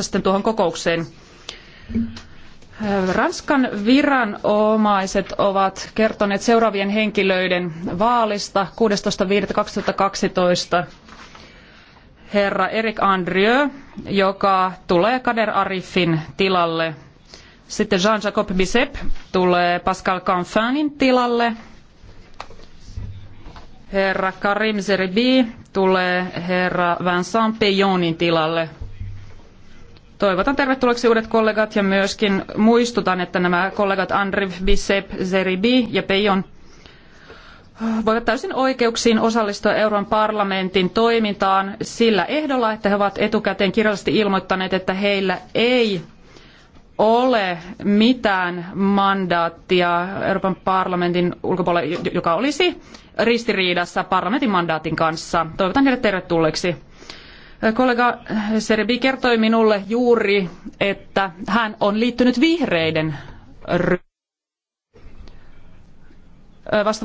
sitten tuohon kokoukseen. Ranskan viranomaiset ovat kertoneet seuraavien henkilöiden vaalista 16.5.2012. Herra Eric Andrieu, joka tulee Kader Arifin tilalle. Sitten Jean-Jacques Bisep tulee Pascal Canfanin tilalle. Herra Karim Zeribi tulee herra Vincent Pejonin tilalle. Toivotan tervetulleeksi uudet kollegat ja myöskin muistutan, että nämä kollegat Andriv, Bisep, Zeribi ja Peijon voivat täysin oikeuksiin osallistua Euroopan parlamentin toimintaan sillä ehdolla, että he ovat etukäteen kirjallisesti ilmoittaneet, että heillä ei ole mitään mandaattia Euroopan parlamentin ulkopuolella, joka olisi ristiriidassa parlamentin mandaatin kanssa. Toivotan heidät tervetulleeksi. Kollega Serbi kertoi minulle juuri, että hän on liittynyt vihreiden ryhmään. Vasta